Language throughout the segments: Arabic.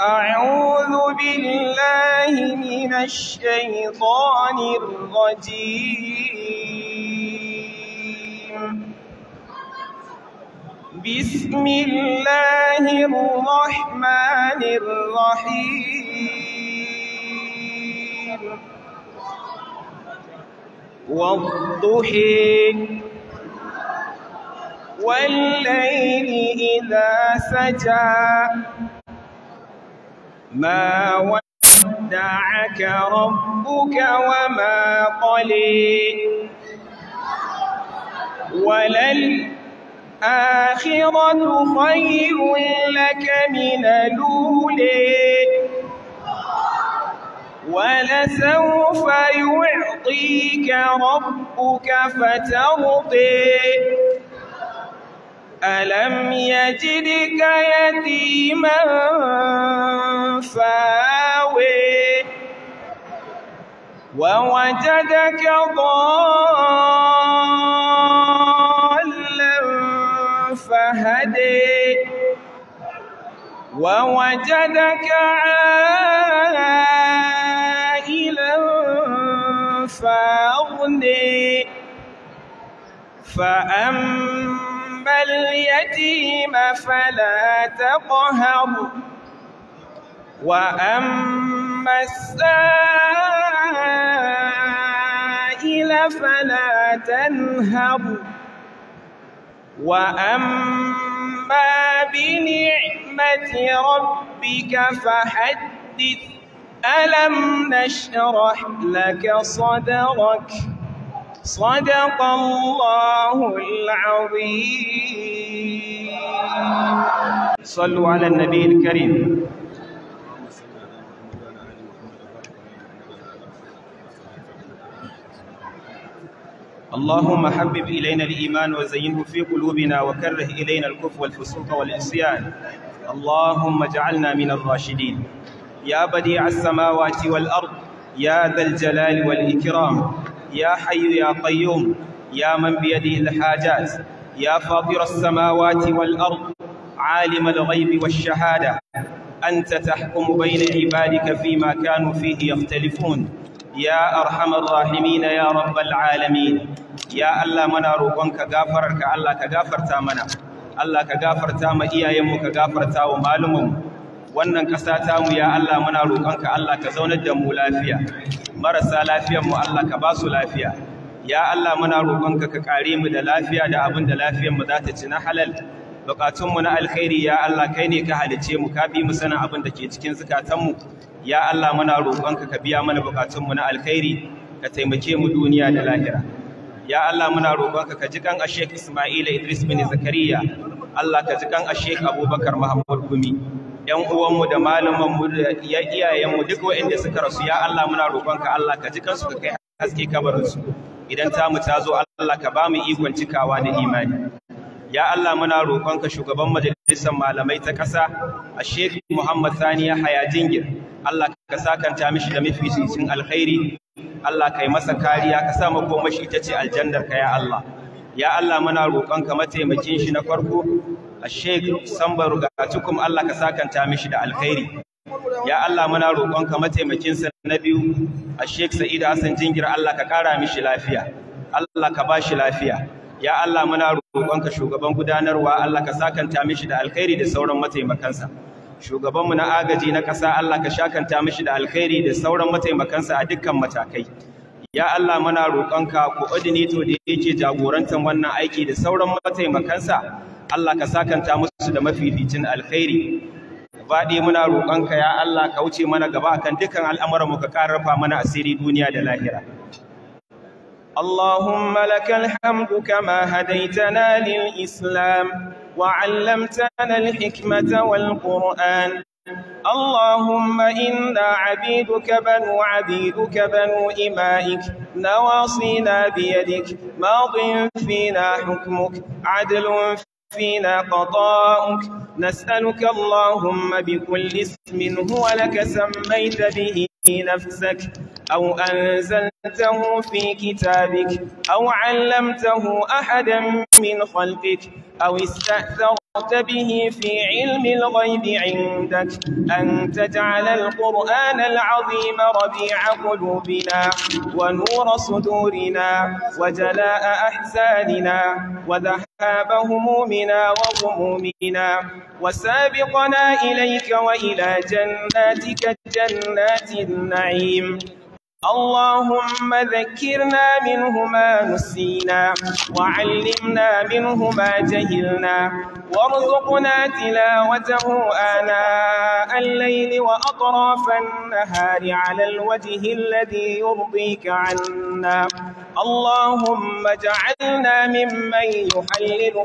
أعوذ بالله من الشيطان الرجيم بسم الله الرحمن الرحيم والضحي والليل إذا سجى ما ودعك ربك وما قلي وللآخرة خير لك من الأولي ولسوف يعطيك ربك فترضي ألم يجدك يتيما فاوي ووجدك ضالا فهدي ووجدك عائلا فأغني فأما أما الْيَتِيمَ فَلَا تَقْهَرْ وَأَمَّا السَّائِلَ فَلَا تَنْهَرْ وَأَمَّا بِنِعْمَةِ رَبِّكَ فَحَدِّثْ أَلَمْ نَشْرَحْ لَكَ صَدْرَكَ صدق الله العظيم صلوا على النبي الكريم اللهم حبب إلينا الإيمان وزينه في قلوبنا وكره إلينا الكفر والفسوق والعصيان اللهم اجعلنا من الراشدين يا بديع السماوات والأرض يا ذا الجلال والإكرام يا حي يا قيوم يا من بيده الحاجات يا فاطر السماوات والأرض عالم الغيب والشهادة أنت تحكم بين عبادك فيما كانوا فيه يختلفون يا أرحم الراحمين يا رب العالمين يا الله منا روقنك غافرك الله كغافرتا منا الله كغافرتا ما إيايمك غافرتا ومالمم wannan ƙasa ta mu ya Allah muna roƙonka Allah ka zaunar da mu lafiya marasa lafiyar mu Allah ka ba su lafiya ya Allah muna roƙonka ka kare mu da lafiya da abin da lafiyar mu za ta ci na halal bukatun mu na alkhairi ya Allah kai ne ka halice mu ka bi mu sanin abin da ke cikin zukatan mu ya Allah muna roƙonka ka biya mana bukatun mu na alkhairi ka taimake mu duniya da lahira ya Allah muna roƙonka ka ji kan Sheikh Ismaila Idris bin Zakariya Allah ka ji kan Sheikh Abubakar Muhammad Gumi yan uwanmu da malamanmu da iyayenmu duk waɗanda suka rasu ya Allah muna roƙonka Allah ka ji kansu ka kai haske kabarinsu idan ta mu ta zo Allah ka ba mu ikon cikawa na imani ya Allah muna roƙonka shugaban majalisar malamai ta ƙasa a Sheikh Muhammad Saniya Hayajingir Allah ka sakanta mishi da mafificin alkhairi Allah kai masa kariya ka sa makomashi ita ce aljannar ka ya Allah ya Allah muna roƙonka mataimakin shi na farko Sheikh ga Rugatukum Allah ka sakanta mishi da alkhairi ya Allah muna roƙonka mataimakinsa na biyu a Sheikh Sa'id Hassan Jingir Allah ka ƙara mishi lafiya Allah ka ba shi lafiya ya Allah muna roƙonka shugaban gudanarwa Allah ka sakanta mishi da alkhairi da sauran mataimakansa shugabanmu na agaji na ƙasa Allah ka shakanta mishi da alkhairi da sauran mataimakansa a dukkan matakai Ya Allah muna roƙonka coordinator da yake jagorantar wannan aiki da sauran mataimakansa Allah ka sakanta musu da mafificin alkhairi faɗi muna roƙonka ya Allah ka wuce mana gaba akan dukkan al'amuran mu ka karfa mana asiri duniya da lahira اللهم لك الحمد كما هديتنا للإسلام وعلمتنا الحكمة والقرآن اللهم إنا عبيدك بنو عبيدك بنو إمائك نواصينا بيدك ماض فينا حكمك عدل فينا قضاؤك نسألك اللهم بكل اسم هو لك سميت به نفسك أو أنزل أنزلته في كتابك أو علمته أحدا من خلقك أو استأثرت به في علم الغيب عندك أن تجعل القرآن العظيم ربيع قلوبنا ونور صدورنا وجلاء أحزاننا وذهاب همومنا وغمومنا وسابقنا إليك وإلى جناتك جنات النعيم اللهم ذكرنا منه ما نسينا وعلمنا منه ما جهلنا وارزقنا تلاوته آناء الليل وأطراف النهار على الوجه الذي يرضيك عنا اللهم اجعلنا ممن يحلل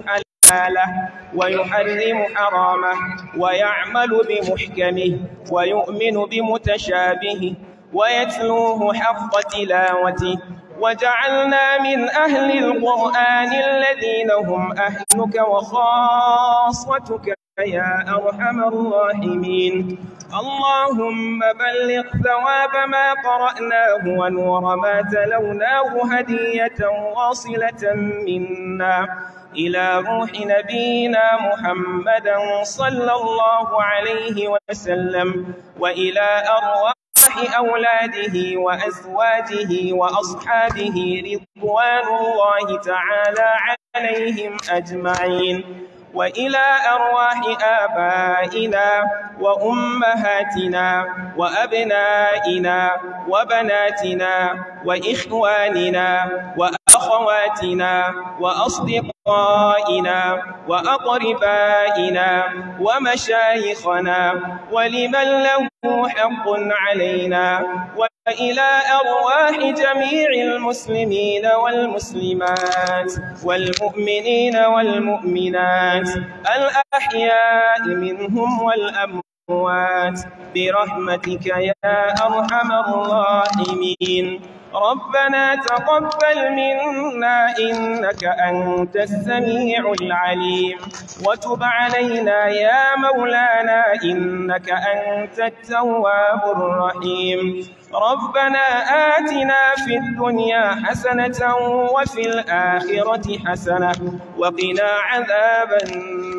حلاله ويحرم حرامه ويعمل بمحكمه ويؤمن بمتشابهه ويتلوه حق تلاوته وجعلنا من أهل القرآن الذين هم أهلك وخاصتك يا أرحم الراحمين اللهم بلغ ثواب ما قرأناه ونور ما تلوناه هدية واصلة منا إلى روح نبينا محمدا صلى الله عليه وسلم وإلى أرواح أرواح أولاده وأزواجه وأصحابه رضوان الله تعالى عليهم أجمعين وإلى أرواح آبائنا وأمهاتنا وأبنائنا وبناتنا وإخواننا وأبنائنا وأخواتنا وأصدقائنا وأقربائنا ومشايخنا ولمن له حق علينا وإلى أرواح جميع المسلمين والمسلمات والمؤمنين والمؤمنات الأحياء منهم والأموات الأموات برحمتك يا أرحم الراحمين ربنا تقبل منا إنك أنت السميع العليم وتب علينا يا مولانا إنك أنت التواب الرحيم ربنا آتنا في الدنيا حسنة وفي الآخرة حسنة وقنا عذاب النار